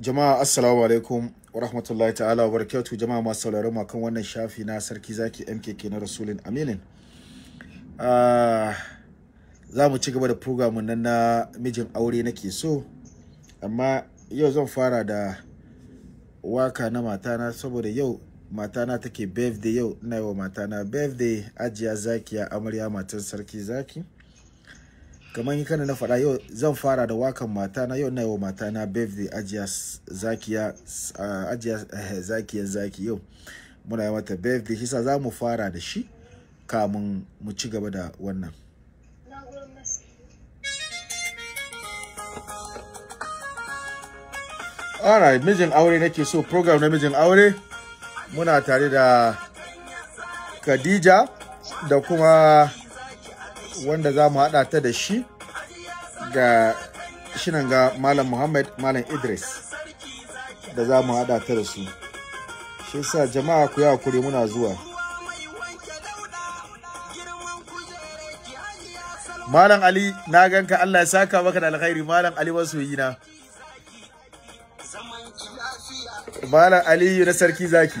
Jama'a assalamu alaikum wa rahmatullahi ta'ala wa barakatu jama'a masu sauraron mu kan wannan shafi na sarki zaki MKK na Rasulin Aminin. Ah, za mu ci gaba da program nan na mijin aure nake so amma yau zan fara da waka na matana saboda yau matana take birthday yau ina yi wa matana birthday ajiya zakiya amarya matan sarki zaki. kamar kana na faɗa yau zan fara da wakan mata na yau na yau mata na birthday ajiya zakiya ah, ajiya eh, zakiya zaki yau muna yi mata birthday shi sa za mu fara da shi kamun mu ci gaba da wannan alright mijin aure nake so program na mijin aure muna tare da khadija da kuma wanda za mu haɗa ta da shi ga shinan ga malam muhammad malam idris da za mu haɗa ta da su shi sa jama'a ku yi hakuri muna zuwa malam ali na ganka allah ya saka maka da alkhairi malam ali yi na malam aliyu na sarki zaki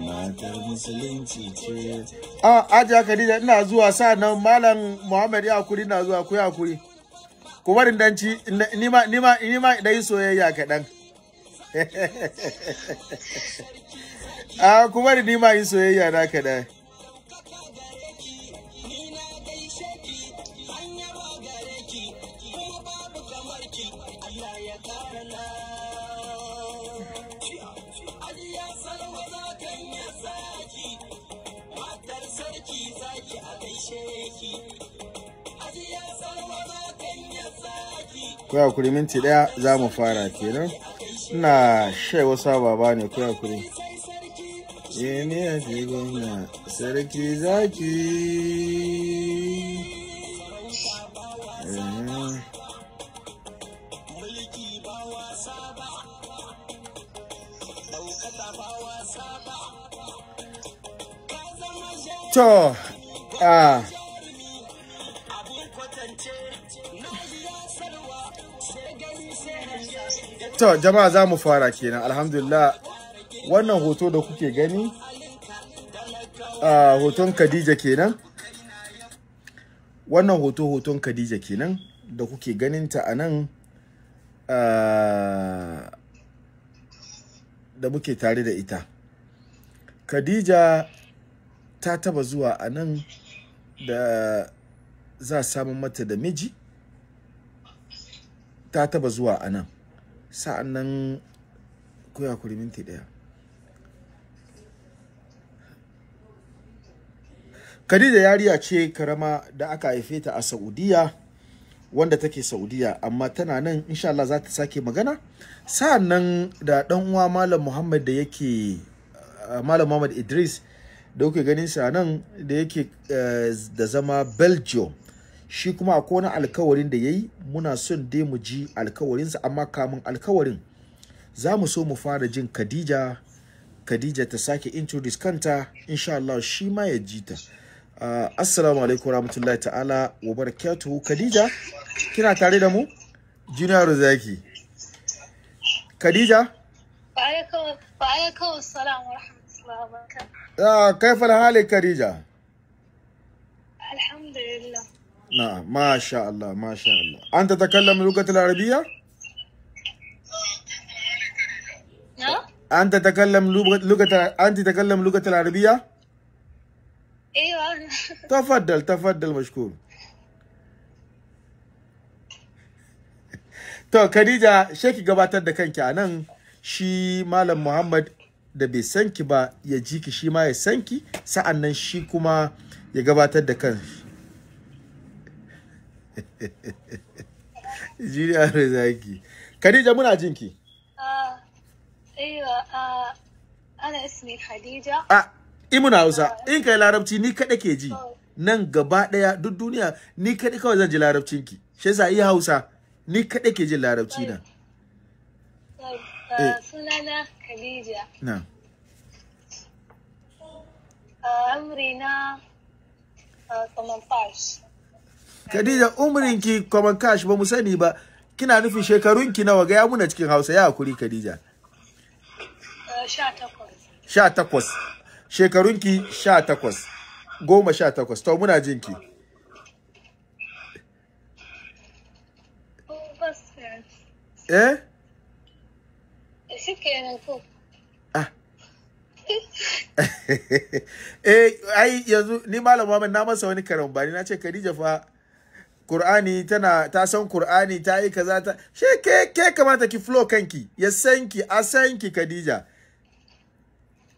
matar ah, musulunci ce a ajiya khadija ina zuwa sa nan. malam muhammad ya hakuri na zuwa ku ya hakuri ku bari dan ci ni ma ni ma ni soyayya kaɗan a ah, ku bari ni ma yi soyayya na kaɗan kuya kuri minti daya za mu fara kenan ina shai wasa baba ne kuya kuri yemi eh, a gona sarki zaki eh. To, ah. To jama'a za mu fara kenan alhamdulillah wannan hoto da kuke gani a hoton Khadija kenan wannan hoto hoton Khadija kenan da kuke ganinta a nan da muke tare da ita Khadija ta taba zuwa a nan da za samun mata da miji ta taba zuwa a nan sa'an nan koya kuri minti daya Khadija yariya ce karama da aka haife ta a Saudiya wanda take Saudiya amma tana nan insha Allah za ta sake magana sa'an nan da dan uwa Malam Muhammad da yake eh, Malam Muhammad Idris da kuke ganin sa nan da yake eh, da zama Belgium shi kuma a wani alkawarin da ya yi muna son dai mu ji alkawarinsa amma kamun alkawarin za mu so mu fara jin khadija khadija ta sake introduce kanta insha Allah shi ma ya ji ta uh, assalamu alaikum rahmatullahi ta'ala wa barakatuhu khadija kina tare da mu junior zaki khadija wa alaikum assalam wa rahmatullahi wa barakatuhu uh, ah, kaifa hali khadija نعم ما شاء الله ما شاء الله أنت تتكلم اللغة العربية؟ أنت تتكلم لغة لغة أنت تتكلم لغة العربية؟ أيوة تفضل تفضل مشكور To Khadija sheki gabatar da kanki a nan shi Malam Muhammad da bai san ki ba ya ji ki shi ma ya san ki sa'annan shi kuma ya gabatar da kanki. Jiriya da zaki. Khadija muna jinki. Aiwa, ah, ana ah, ismi Khadija. Ah, imuna Hausa, ah. in kai larabci ni kada ke ji. Oh. Nan gaba ɗaya duk duniya ni kada kawai zan ji larabcinki. Shi yasa iya Hausa, ni kada ke jin larabci na. Eh. Sunana Khadija. Na. Amrina 18. Khadija ki kwaman kash ba mu sani ba kina nufin shekarunki nawa ga ya muna cikin Hausa ya hakuri Khadija. 18 18 Shekarunki sha takwas. Goma sha To muna jinki. Eh? Ah. eh, ai yanzu ni Malam Muhammad na masa wani karambani na ce Khadija fa Kur'ani tana ta san Kur'ani ta yi kaza ta she ke ke kamata ki flow kanki ya san ki a san ki Khadija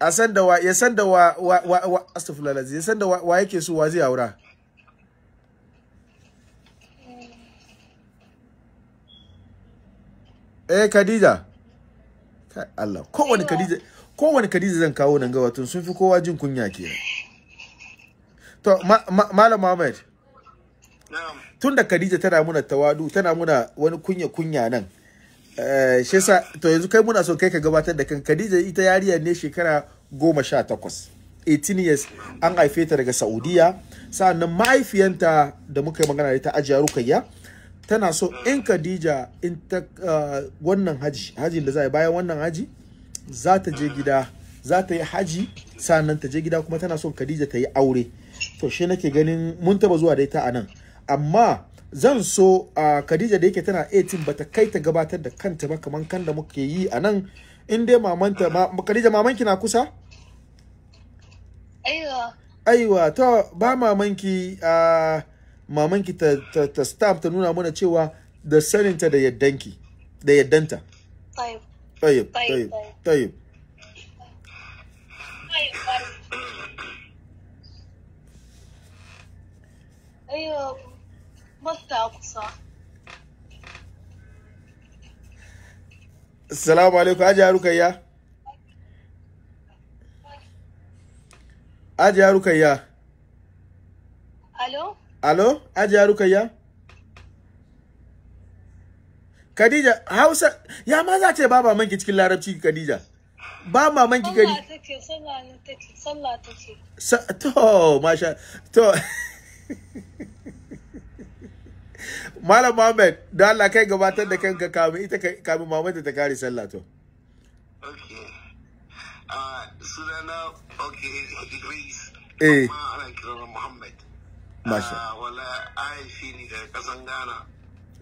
a san da wa ya san da wa wa wa, astaghfirullah astaghfirullah ya san da wa, yake so wa zai aura eh Khadija Allah kowane Khadija kowane Khadija zan kawo nan ga watan sun fi kowa jin kunya ke to malam Muhammad na'am tun da Khadija tana muna tawadu tana muna wani kunya kunya nan eh, shi yasa to yanzu kai muna so kai ka gabatar da kan Khadija ita yariya ne shekara goma sha takwas 18 years an haife ta daga Saudiya sanan mahaifiyanta da muka yi magana da ita Ajiya Rukayya tana so in Khadija in ta eh, wannan haji haji da za a bayan wannan haji za ta je gida za ta yi haji sannan ta je gida kuma tana so Khadija ta yi aure to shi nake ganin mun taba zuwa da ita anan. nan amma zan so a Khadija da yake tana 18 bata kai ta gabatar da kanta ba kamar kan da muke yi a nan in dai mamanta ma Khadija mamanki na kusa aiwa aiwa to ba mamanki a mamanki ta ta, ta stamp ta nuna mana cewa da saninta da yaddanki da yaddanta tayyib tayyib tayyib tayyib Assalamu alaikum, Ajiya Rukayya. Ajiya Rukayya. Alo? Alo, Ajiya Rukayya. Khadija, Hausa, ya ma za ce ba mamanki cikin larabci Khadija. Ba mamanki gari. Sallah take, sallah take, sallah take. To, masha, to. Malam Muhammad, don Allah kai gabatar da kanka kamin ita kamin Muhammad ta kare sallah to. Okay. Uh, sunana okay degrees. Eh. Amma ana kirana Muhammad. Masha. Uh, wala aifi ne daga kasan Ghana.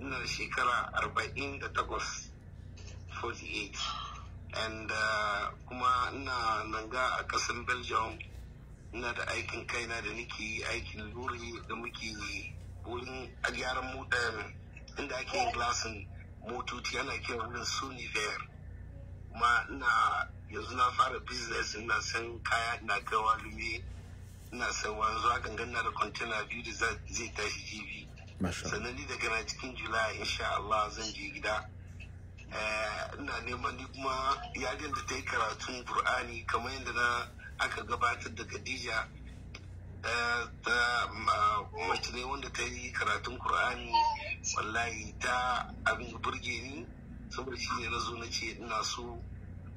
Ina da shekara 48. 48. And uh, kuma ina nanga a kasan Belgium. Ina da aikin kaina da nake aikin luri da muke yi wurin a gyaran motar inda ake yin glasin motoci ana kira wurin suni fayar kuma ina yanzu na fara business ina san kaya ina gawa lume ina san wanzu a gangana da kwantena biyu da zai tashi jibi sannan ni daga na cikin july insha Allah zan je gida eh, ina neman ni kuma yarin da ta yi karatun Kur'ani kamar yadda na aka gabatar da Khadija ta mace ne wanda ta yi karatun Kur'ani wallahi ta abin burge ni saboda shi ne na zo na ce ina so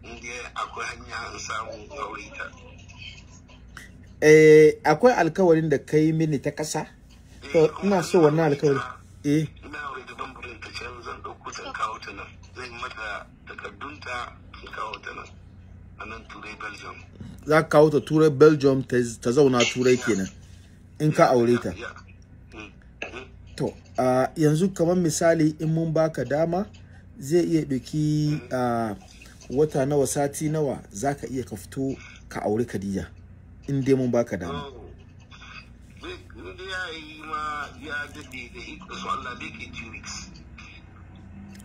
inda akwai hanya in samu aure ta. Eh, akwai alkawarin da kai mini ta kasa? To, eh, ina so wannan alkawarin. Eh. Ina aure da bambarin ta can zan ɗauko ta kawo ta nan. Zan mata takardunta in kawo ta nan. A nan Turai Belgium. za ka kawo ta turai belgium ta zauna turai kenan in ka aure ta to a yanzu kamar misali in mun baka dama zai iya ɗauki a wata nawa sati nawa za ka iya ka fito ka aure kadija in dai mun baka dama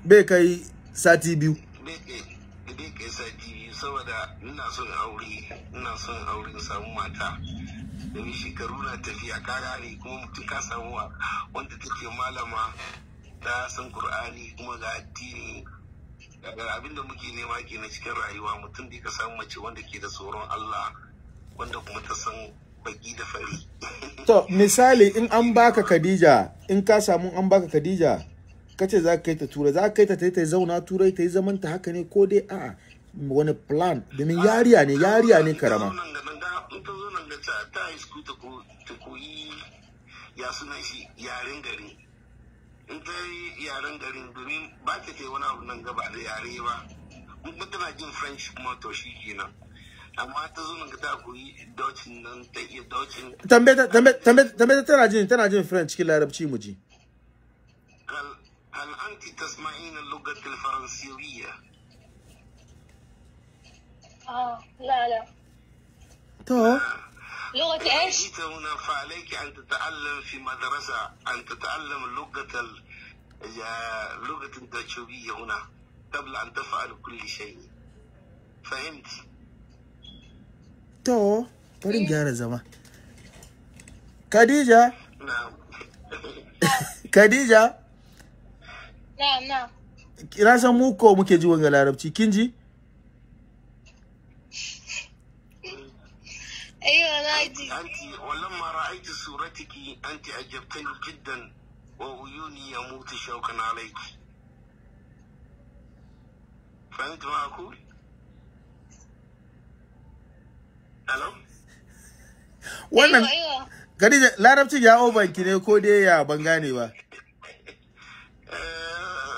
bai kai sati biyu saboda ina son aure ina son aure in samu mata domin shekaru na tafiya kara ne kuma mutum ka samu wanda take malama ta san qur'ani kuma ga addini abin da muke nema ke na cikin rayuwa mutum da ka samu mace wanda ke da tsoron Allah wanda kuma ta san baki da fari to misali in an baka Khadija in ka samu an baka Khadija kace za ka kai ta tura za ka kai ta ta zauna turai ta yi zaman ta haka ne ko dai a'a wani plan domin yariya ne yariya ne karama ya suna shi yaren gari in ta yi yaren garin domin ba ta ta wani abu nan gaba da yare ba kuma tana jin french kuma to shi kenan amma ta zo nan ta koyi daucin nan ta iya daucin tambe ta tana jin tana jin french cikin larabci mu ji hal anti tasma'ina lugatil faransiyya اه لا لا تو طيب. لغة ايش؟ جئت هنا فعليك ان تتعلم في مدرسة ان تتعلم لغة ال... لغة إيش؟ هنا قبل ان تفعل كل شيء فهمت؟ تو ولين إيه. جارة زمان خديجة نعم خديجة نعم نعم لغة إيش؟ لغة إيش؟ لغة إيش؟ لغة إيش؟ لغة ji ايوه انا عادي انت ولما رايت صورتك انت عجبتني جدا وعيوني يموت شوقا عليك فهمت ما اقول؟ الو wannan gari da larabcin ya obanki ne ko dai ya ban gane ba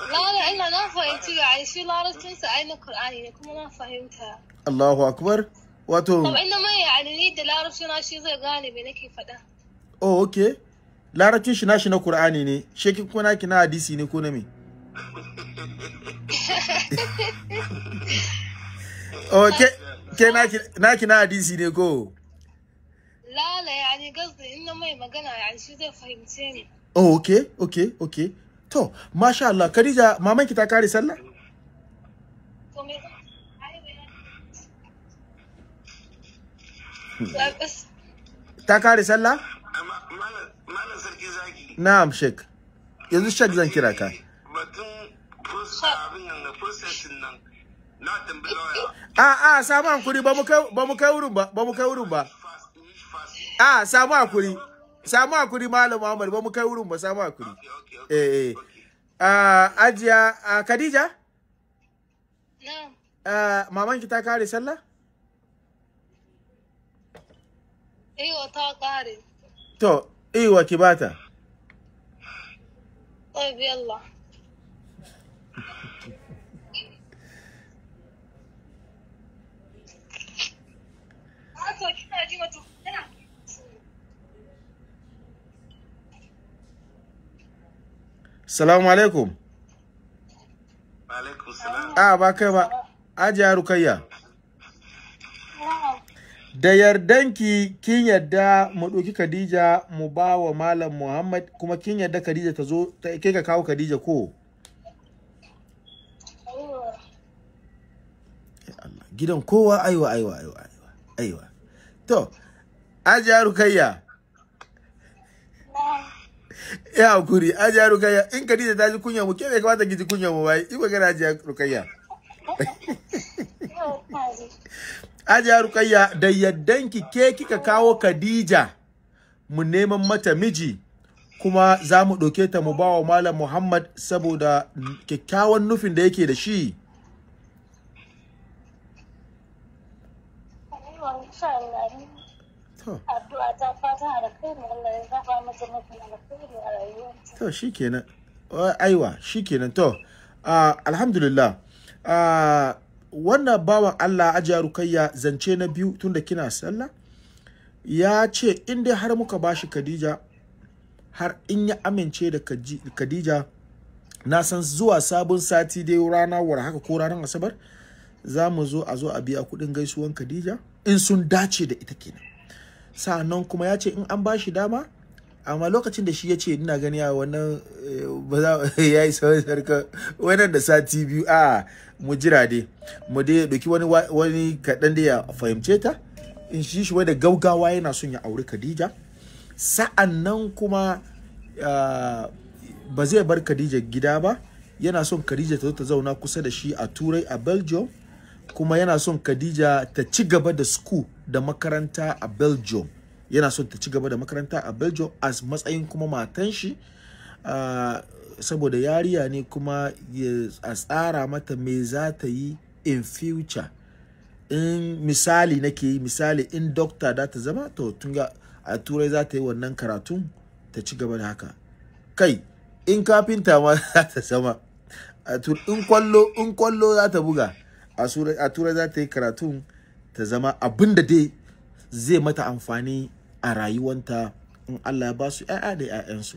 لا لا انا فهمت يعني شو لا رسمت اين القران يعني كما ما فهمتها الله اكبر wato kam inna mai yani da larabci na shi zai gane me nake faɗa oh okay larabcin shi nashi na qur'ani ne shekin ko naki na hadisi ne ko na me Oh, ke naki naki na hadisi ne ko lala yani gazi inna mai magana yani shi zai fahimce ni oh okay okay okay to masha Allah Khadija ki ta kare sallah to me ta kare sallah sarki zaki na'am shek yanzu shek zan kira ka batun post nan na tambayi a a samu hankuri ba mu kai wurin ba ba mu kai wurin ba a samu hankuri samu hakuri malam Muhammad ba mu kai wurin ba samu hakuri eh eh ah ajiya Khadija na'am maman ki ta kare sallah ايوه طه قارن تو ايوه كباتا طيب يلا السلام عليكم عليكم السلام اه باكبا اجي آه، اروكيا da yardanki kin yarda mu ɗauki Khadija mu ba wa Malam Muhammad kuma kin yarda Khadija ta zo ta ke ka kawo Khadija ko? Gidan kowa aiwa aiwa aiwa aiwa. To, Ajiya Rukayya. Ya hakuri, Ajiya Rukayya, in Khadija ta ji kunya mu ke bai kamata ki ji kunya mu bai, in kana Ajiya Rukayya. Ajiya Rukayya da yaddanki ke kika kawo Khadija mu neman mata miji kuma za mu ɗauke ta mu bawa Malam Muhammad saboda kyakkyawan nufin da yake da shi. To shi kenan, aiwa shi kenan to, ah, alhamdulillah. Ah, wannan bawan Allah ajiya rukayya zance na biyu tun da kina sallah ya ce in dai har muka bashi Khadija har in ya amince da Khadija na san zuwa sabon sati dai rana war haka ko ranar Asabar za mu zo a zo a biya kuɗin gaisuwan Khadija in sun dace da ita kenan sa'annan kuma ya ce in an bashi dama amma lokacin da shi ya ce ina gani a wannan eh, ba za ya yi sauran sarka wannan da sati biyu a mu jira dai mu dai doki wani wani kaɗan da ya fahimce ta in shi shi da gaugawa yana son ya auri Khadija sa'an nan kuma ba zai bar Khadija gida ba yana son Khadija ta zo ta zauna kusa da shi a Turai a Belgium kuma yana son Khadija ta ci gaba da school da makaranta a Belgium yana son ta ci gaba da makaranta a belgium as matsayin kuma matan shi saboda yariya ne kuma a tsara mata me za ta yi in future in misali nake yi misali in doctor da ta zama to tunga a turai za ta yi wannan karatun ta ci gaba da haka kai in kafinta ma za ta zama in kwallo in kwallo za ta buga a turai za ta yi karatun ta zama Abinda dai zai mata amfani a rayuwanta in Allah ya ba su ‘ya'ya da ‘ya'yansu.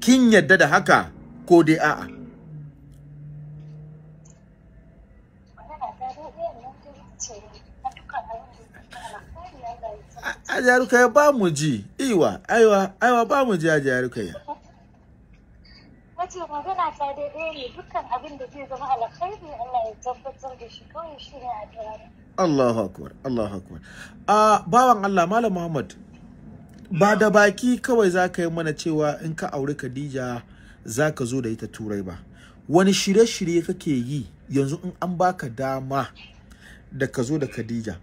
Kin yadda da haka ko dai a'a? Ajaruka ya ba mu ji, iwa, aiwa, aiwa ba mu ji ajaruka ya. Wace magana ta daidai ne dukkan abin da zai zama alkhairi Allah ya tabbatar da shi kawai shi ne a Allahu akbar, Allahu akbar. A bawan Allah Malam Muhammad, ba da baki kawai za ka yi mana cewa in ka auri Khadija za ka zo da ita turai ba wani shirye-shirye kake yi yanzu in an baka dama da ka zo da Khadija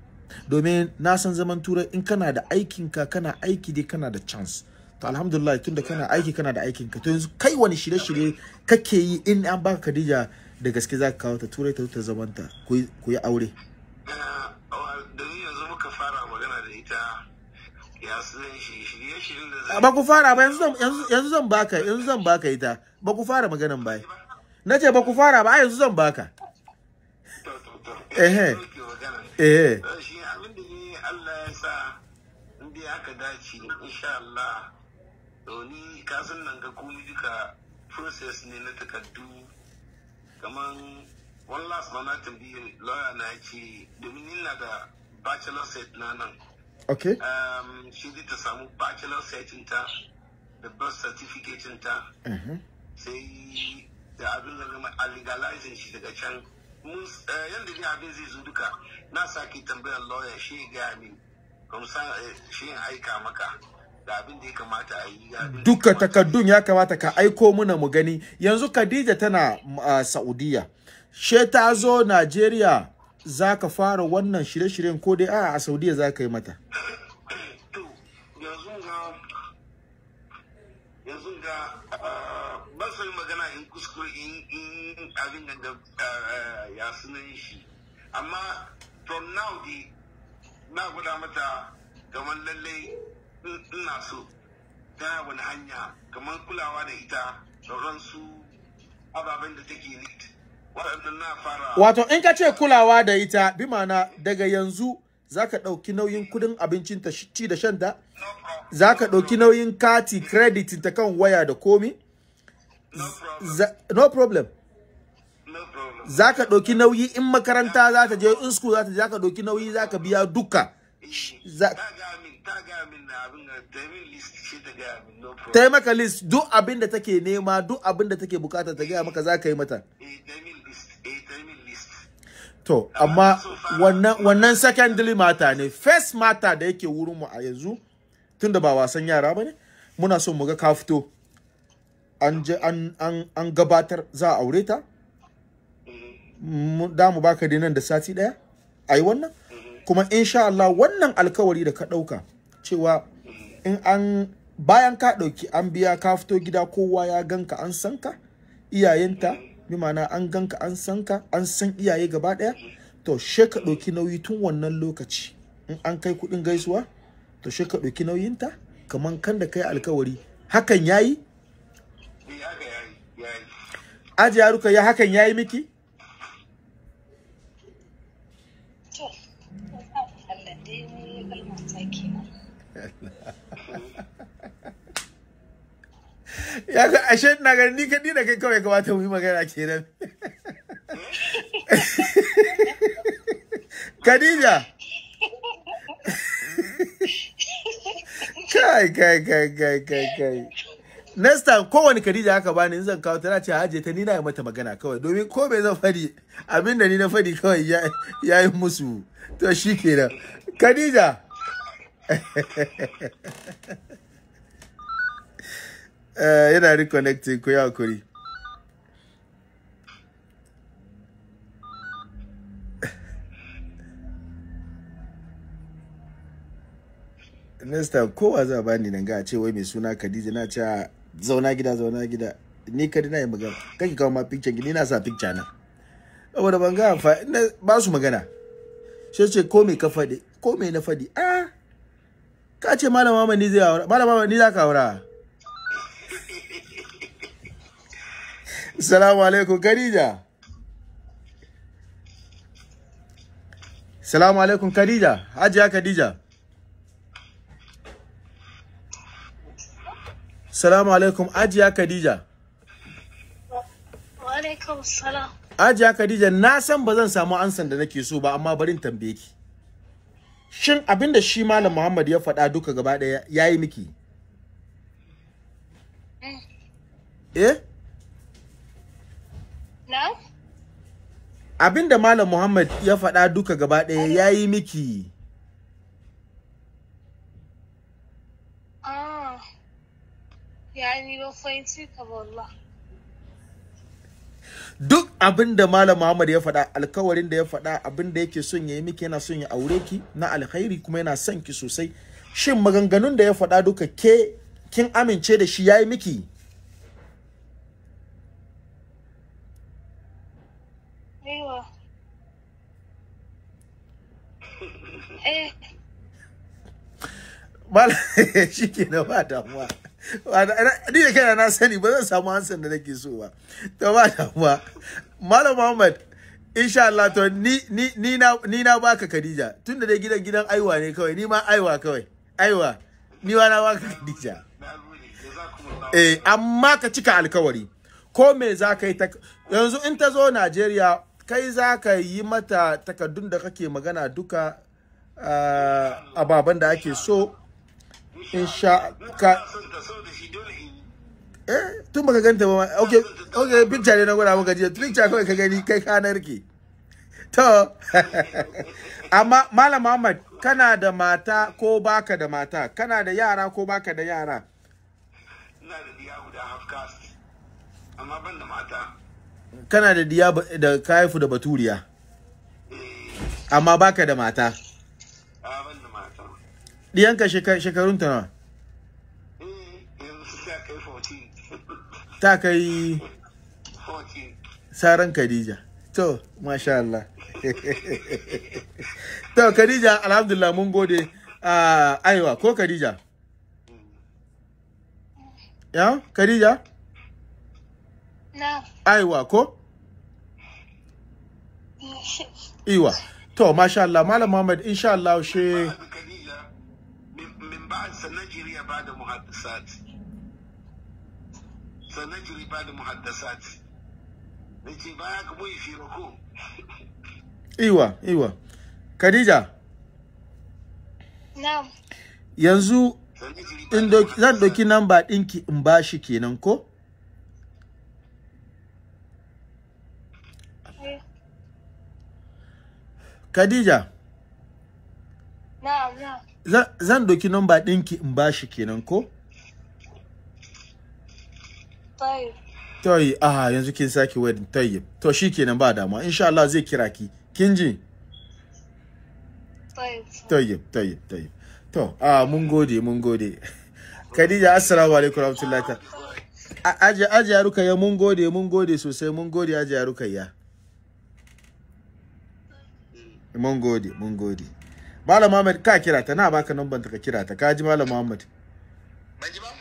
domin na san zaman turai in kana da aikinka kana aiki dai kana da chance to alhamdulillah tunda kana aiki kana da aikinka to yanzu kai wani shirye-shirye kake yi in an baka Khadija da gaske za ka kawo ta turai ta zo ta zamanta ku yi aure fara ba yanzu zan baka yanzu zan baka ita ba ku fara maganan bai na ce ba ku fara ba yanzu zan baka ehe ehe Allah ya sa inda aka dace insha Allah to ni ka san nan ga komai duka process ne na takardu kaman one last ma na lawyer na ci domin ina da bachelor set na nan Okay. Um, she did ta samu bachelor setting ta da birth certificate ta. Sai da abin da zama a shi daga can. Yadda ne abin zai zo duka na saki tambayar lawyer shi ga min. sa shi aika maka. da abin da ya kamata a yi duka takardun ya kamata ka aiko muna mu gani yanzu Khadija tana uh, Saudiya she ta zo Najeriya za ka fara wannan shirye-shiryen ko dai a a saudiya za ka yi mata yanzu ah, magana in kuskure abin da ah, ah, ya shi amma from now di na guda mata kamar lallai ina so ta wani hanya kamar kulawa da ita sauransu ababen da take need Wato in ka ce kulawa da ita bi mana daga yanzu za ka ɗauki nauyin kudin abincin ta ci da shanta za ka ɗauki nauyin kati credit ta kan waya da komi no problem za ka ɗauki nauyi in makaranta za ta je in school za ta je za ka ɗauki nauyi za ka biya duka ta yi maka list duk abin da take nema duk abin da take bukata ta gaya maka za ka yi mata To, amma wannan secondary mata ne, first mata da yake mu a yanzu, tunda ba wasan yara ba ne, muna so mu ga ka fito. An, an, an, gabatar za a aure ta? Da mu baka nan da sati ɗaya? A yi wannan? Kuma insha Allah wannan alkawari da ka ɗauka cewa in an bayan ka ɗauki an biya ka fito gida kowa ya ganka an san ka iyayenta bi ma'ana an ganka an san ka an san iyaye gaba daya to she ka ɗauki nauyi tun wannan lokaci in an kai kuɗin gaisuwa to she ka ɗauki nauyinta kamar kan da kai alkawari hakan yayi ya hakan yayi miki ya ga ashe na ga ni kadi da kai kawai gabata mu yi magana kenan Khadija kai kai kai kai kai kai next kowane Khadija haka bani in zan kawo tana ce haje ta ni na yi mata magana kawai domin ko bai zan fadi abin da ni na fadi kawai ya yi musu to shikenan Khadija Eh, yana reconnecting ko ya hakuri Nesta kowa za bani nan ga a ce wai mai suna Khadija na ce ah, zauna gida zauna gida ni kadi na yi magana kake kawo ma picture ni na sa picture na saboda ban ga amfani ba su magana sai ce ko me ka faɗi ko me na faɗi ah ka ce malama ni zai aura malama ni za ka aura Salamu alaikum, Khadija. Salamu alaikum, Khadija. Hajiya Khadija. Salamu alaikum, Hajiya Khadija. Wa alaikum salam. Hajiya Khadija, na san ba zan samu ansan da nake so ba, amma barin tambaye ki. Shin abinda shi Malam Muhammad ya faɗa duka gaba ɗaya yayi miki? Eh? eh? abin da malam muhammad ya faɗa duka gaba ɗaya ya yi miki ah. duk abin da malam muhammad ya faɗa alkawarin da ya faɗa abin da yake son ya yi miki yana son ya aure ki na alkhairi kuma yana son ki sosai shin maganganun da ya faɗa duka ke kin amince da shi ya yi miki malam shi ke na ba damuwa ni da kana na sani ba zan samu hansan da nake so ba to ba damuwa malam muhammad insha Allah to ni ni ni na ni na baka Khadija tunda dai gidan gidan aiwa ne kawai ni ma aiwa kawai aiwa ni wa na baka Khadija eh amma ka cika alkawari ko me za ka yi yanzu in ta zo Najeriya kai za ka yi mata takaddun da kake magana duka a ah, baban da ake so insha ka eh tun baka ganta ba okay okay picture ne na gwada maka jiya picture kawai ka gani kai ka narke to amma malam Muhammad kana da mata ko baka da mata kana da yara ko baka da yara ina da diya guda half amma ban da mata kana da diya da kaifu da baturiya eh. amma baka da mata Diyanka shekarun ta nawa? Eh, ta kai 14. Saran Khadija. To, masha Allah. to, Khadija, alhamdulillah mun gode. Uh, aiwa, ko Khadija? Ya, Khadija? Na. Aiwa, ko? Iwa. To, masha Allah, Malam Muhammad, insha Allah, shi... ba sannan jiriya ba da muhaddasat sannan jiri ba da muhaddasat da ce ba ka boye firako iwa iwa khadija Na. yanzu zan ɗauki namba ɗinki in ba shi kenan ko? Eh. Khadija. Na'am, na'am. zan doki number ɗinki in ba shi kenan ko? Toyi, aha yanzu kin sake wedding toyi. To shi kenan ba damuwa, insha Allah zai kira ki. Kin ji? Toyi, toyi, toyi. To, ah mun gode, mun gode. Khadija, assalamu alaikum warahmatullahi ta. Aje aje Rukayya mun gode, mun gode sosai, mun gode aje Rukayya. Mun gode, mun gode. Malam Muhammad ka kira ta na baka number ta ka kira ta kaji Malam Muhammad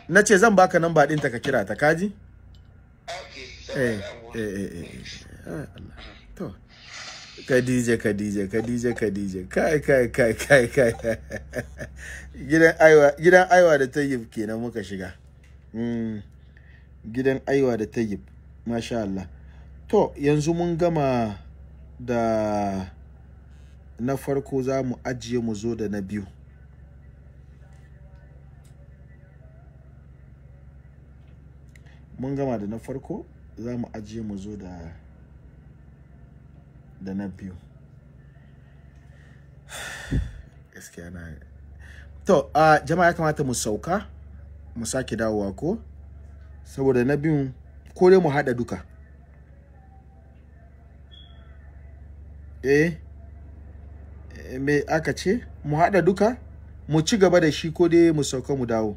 Na ce zan baka number din ta ka kira ta kaji eh, eh eh eh eh ah, to Khadija Khadija Khadija Khadija kai kai kai kai kai gidan aiwa gidan aiwa da tayyib kenan muka shiga mm gidan aiwa da tayyib masha Allah to yanzu mun gama da na farko za mu ajiye mu zo da na biyu mun gama da na farko za mu ajiye mu zo da da na biyu gaskiya na to uh, jama'a ya kamata mu sauka mu sake dawowa ko saboda na biyun ko dai mu haɗa duka eh me aka ce mu haɗa duka mu ci gaba da shi ko dai mu sauka mu dawo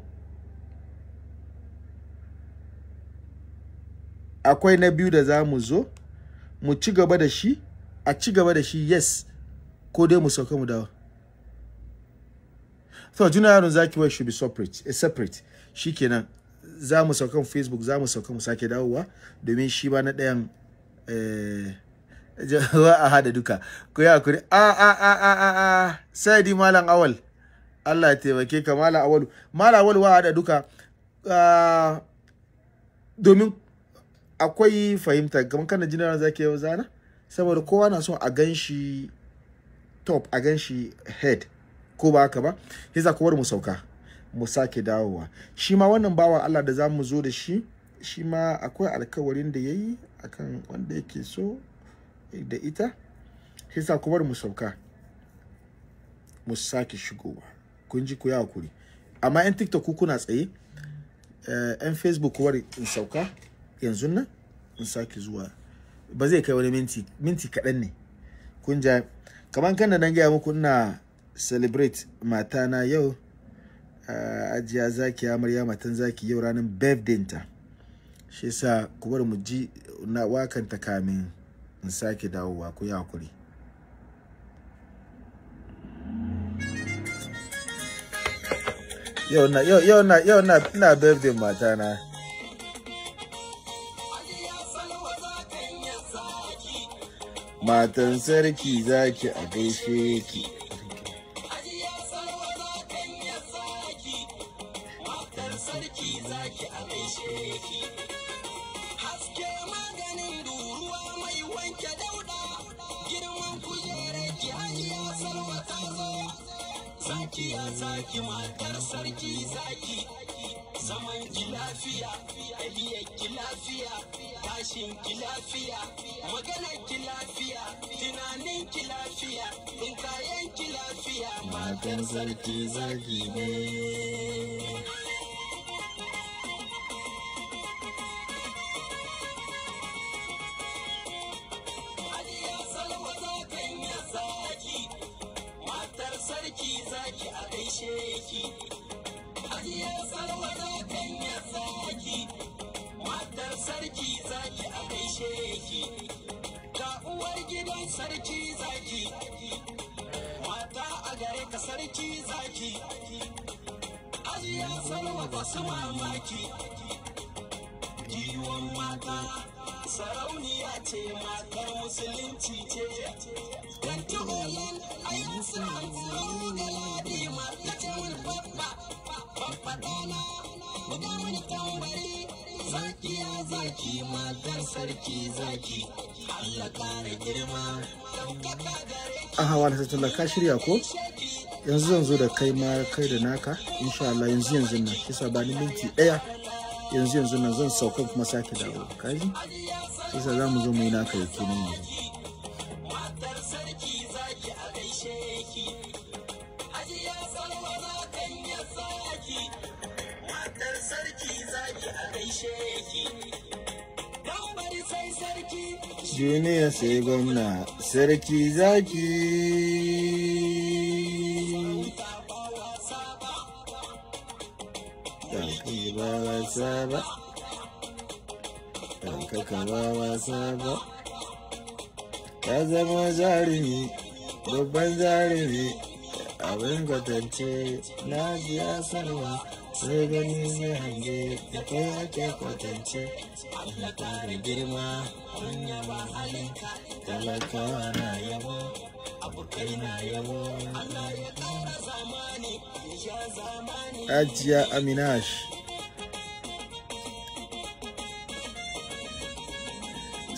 akwai na biyu da za mu zo mu ci gaba da shi a ci gaba da shi yes ko dai mu sauka mu dawo to juna yaron zaki wai should be separate eh, separate shikenan za mu sauka facebook za mu sauka mu sake dawowa domin shi ba na ɗayan eh, jawa a hada duka ku yi hakuri a a a a a a sai di malam awal Allah ya taimake ka malam awal malam awal wa hada duka domin akwai fahimta kamar kana jin zaki yau zana saboda kowa na son a gan shi top a gan shi head ko ba haka ba yasa kowar mu sauka mu sake dawowa shi ma wannan bawa Allah da zamu zo da shi shi ma akwai alkawarin da yayi akan wanda yake so da ita shi sa ku bar mu sauka mu sake shigowa kun ji ku ya hakuri amma yan tiktok ku kuna tsaye yan eh, facebook kuwar in sauka yanzu nan in sake zuwa ba zai kai wani minti minti kaɗan ne kun ja kamar kan da nan gaya muku ina celebrate matana yau eh, ajiya zaki amarya matan zaki yau ranar birthday ta shi yasa ku bar mu ji na wakanta kamin in sake dawowa ku yi hakuri yau na yau yau na yau na ina birthday mata na matan sarki zaki a gaishe ki sarki zaki a gaishe ki haske maganin Zakiya zaki matar sarki zaki zaman ki lafiya ɗabiyar ki lafiya tashin ki lafiya maganar ki lafiya tunanin ki lafiya in kayan ki lafiya matar sarki zaki ne sarki zaki a gaishe ki hajiya sarwada kan ya zaki matar sarki zaki a gaishe ki ga uwar gidan sarki zaki mata a gare ka sarki zaki hajiya ba su mamaki kiwon mata sarauniya ce matar musulunci ce dan tubalin ayyun sa'an tsoro da ladi mata mun babba babba dana buga mini tambari zakiya zaki matar sarki zaki Allah kare girma daukaka gare aha wani tattala ka shirya ko yanzu zan zo da kai ma kai da naka insha Allah yanzu yanzu na kisa ba ni minti daya yanzu yanzu nan zan sauka kuma sake dawo kaji isa za mu zo mu yi naka nan yanzu Juniya sai gwamna sarki zaki ba wasa ba ɗaukaka ba wasa ba ya zama jarumi babban jarumi abin kwatance na biya sarwa sai gani zai hange da kai ake kwatance na ƙara girma wanya ba halinka talakawa na yabo abokai na yabo Allah ya ƙara zamani ya zamani Ajiya Aminash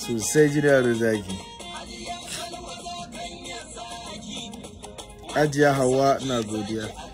sosai jira zagi ajiya hawa na godiya